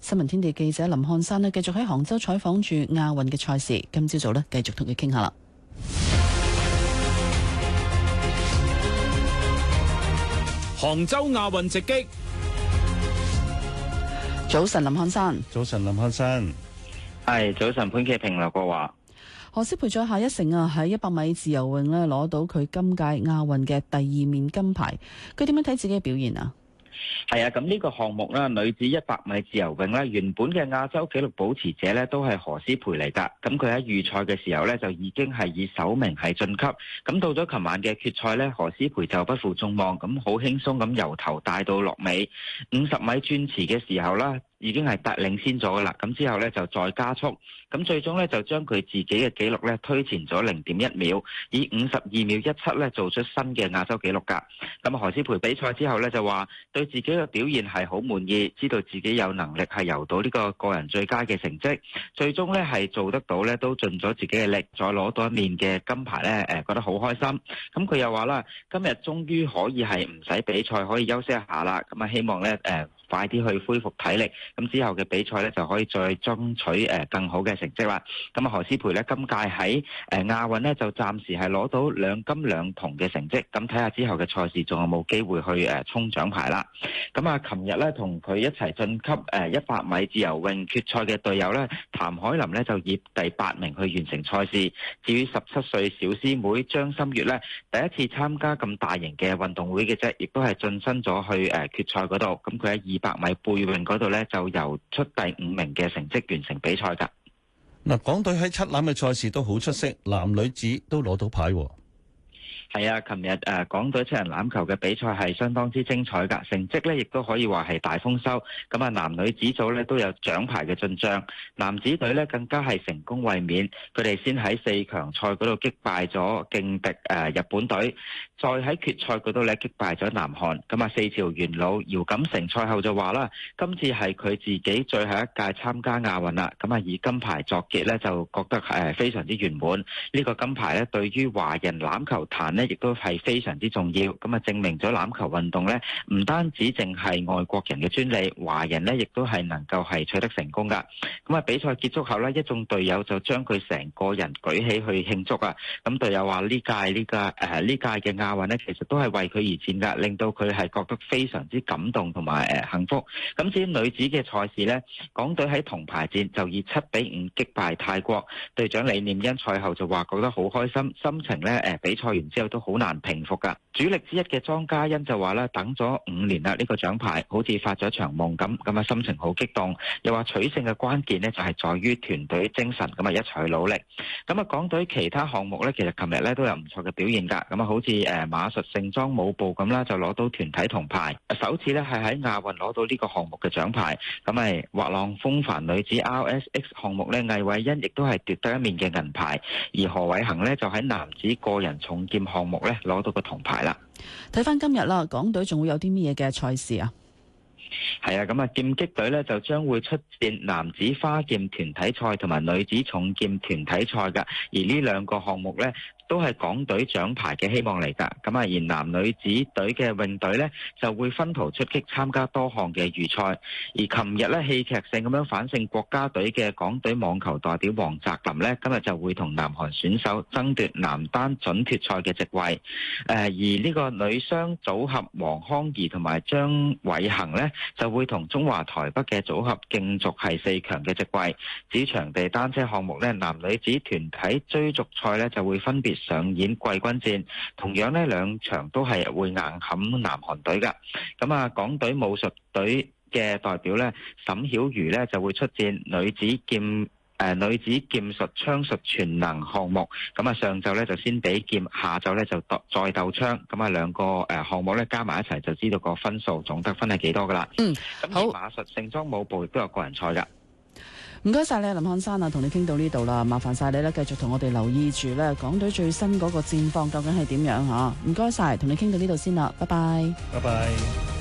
新聞天地記者林漢山咧，繼續喺杭州採訪住亞運嘅賽事。今朝早咧，繼續同佢傾下啦。杭州亞運直擊。早晨，林漢山。早晨，林漢山。係，早晨潘其平劉國華。何詩蓓咗下一城啊！喺一百米自由泳咧，攞到佢今屆亞運嘅第二面金牌。佢點樣睇自己嘅表現啊？係啊，咁呢個項目啦，女子一百米自由泳咧，原本嘅亞洲紀錄保持者呢，都係何詩蓓嚟噶。咁佢喺預賽嘅時候呢，就已經係以首名係晉級。咁到咗琴晚嘅決賽呢，何詩蓓就不負眾望，咁好輕鬆咁由頭帶到落尾。五十米轉池嘅時候啦，已經係達領先咗噶啦，咁之後呢，就再加速，咁最終呢，就將佢自己嘅紀錄呢推前咗零點一秒，以五十二秒一七呢做出新嘅亞洲紀錄噶。咁何詩蓓比賽之後呢，就話，對自己嘅表現係好滿意，知道自己有能力係游到呢個個人最佳嘅成績，最終呢，係做得到呢都盡咗自己嘅力，再攞到一面嘅金牌呢誒覺得好開心。咁佢又話啦，今日終於可以係唔使比賽，可以休息一下啦。咁啊希望呢。誒、呃。快啲去恢復體力，咁之後嘅比賽咧就可以再爭取誒更好嘅成績啦。咁啊何詩蓓咧今屆喺誒亞運咧就暫時係攞到兩金兩銅嘅成績，咁睇下之後嘅賽事仲有冇機會去誒衝獎牌啦。咁啊，琴日咧同佢一齊晉級誒一百米自由泳決賽嘅隊友咧，譚凱琳咧就以第八名去完成賽事。至於十七歲小師妹張心月咧，第一次參加咁大型嘅運動會嘅啫，亦都係晉身咗去誒決賽嗰度。咁佢喺二百百米背泳嗰度咧，就由出第五名嘅成績完成比賽噶。嗱，港隊喺七欖嘅賽事都好出色，男女子都攞到牌。係啊，琴日誒港隊七人欖球嘅比賽係相當之精彩噶，成績咧亦都可以話係大豐收。咁啊，男女子組咧都有獎牌嘅進賬，男子隊咧更加係成功衛冕，佢哋先喺四強賽嗰度擊敗咗勁敵誒日本隊。再喺決賽嗰度咧擊敗咗南韓，咁啊四朝元老姚錦成賽後就話啦：，今次係佢自己最後一屆參加亞運啦，咁啊以金牌作結咧，就覺得係非常之圓滿。呢個金牌咧對於華人欖球壇咧，亦都係非常之重要。咁啊證明咗欖球運動咧，唔單止淨係外國人嘅專利，華人咧亦都係能夠係取得成功噶咁啊比賽結束後咧，一眾隊友就將佢成個人舉起去慶祝啊！咁隊友話呢屆呢屆誒呢屆嘅亞亞運呢，其實都係為佢而戰噶，令到佢係覺得非常之感動同埋誒幸福。咁至於女子嘅賽事呢，港隊喺銅牌戰就以七比五擊敗泰國。隊長李念恩賽後就話覺得好開心，心情呢誒、呃、比賽完之後都好難平復噶。主力之一嘅莊家欣就話呢，等咗五年啦，呢個獎牌好似發咗場夢咁，咁啊心情好激動。又話取勝嘅關鍵呢，就係在於團隊精神，咁啊一齊努力。咁啊港隊其他項目呢，其實琴日呢都有唔錯嘅表現噶。咁啊好似誒。誒，馬術盛裝舞步咁啦，就攞到團體銅牌，首次呢係喺亞運攞到呢個項目嘅獎牌。咁係滑浪風帆女子 RSX 項目呢，魏偉欣亦都係奪得一面嘅銀牌。而何偉恆呢，就喺男子個人重劍項目呢攞到個銅牌啦。睇翻今日啦，港隊仲會有啲乜嘢嘅賽事啊？係啊，咁啊，劍擊隊呢就將會出戰男子花劍團體賽同埋女子重劍團體賽噶，而呢兩個項目呢，都係港隊獎牌嘅希望嚟噶。咁啊，而男女子隊嘅泳隊呢，就會分途出擊，參加多項嘅預賽。而琴日呢，戲劇性咁樣反勝國家隊嘅港隊網球代表王澤林呢，今日就會同南韓選手爭奪男單準決賽嘅席位。誒、呃，而呢個女雙組合王康儀同埋張偉恒呢。就會同中華台北嘅組合競逐係四強嘅席位。指場地單車項目呢，男女子團體追逐賽呢，就會分別上演季軍戰，同樣呢兩場都係會硬冚南韓隊噶。咁、嗯、啊，港隊武術隊嘅代表呢，沈曉瑜呢就會出戰女子劍。誒、呃，女子劍術、槍術全能項目，咁啊，上晝咧就先比劍，下晝咧就再鬥槍，咁啊，兩個誒項目咧加埋一齊，就知道個分數總得分係幾多噶啦。嗯，好，馬術、盛裝舞步亦都有個人賽噶。唔該晒你，林漢山啊，同你傾到呢度啦，麻煩晒你啦，繼續同我哋留意住咧，港隊最新嗰個戰況究竟係點樣啊？唔該晒，同你傾到呢度先啦，拜拜。拜拜。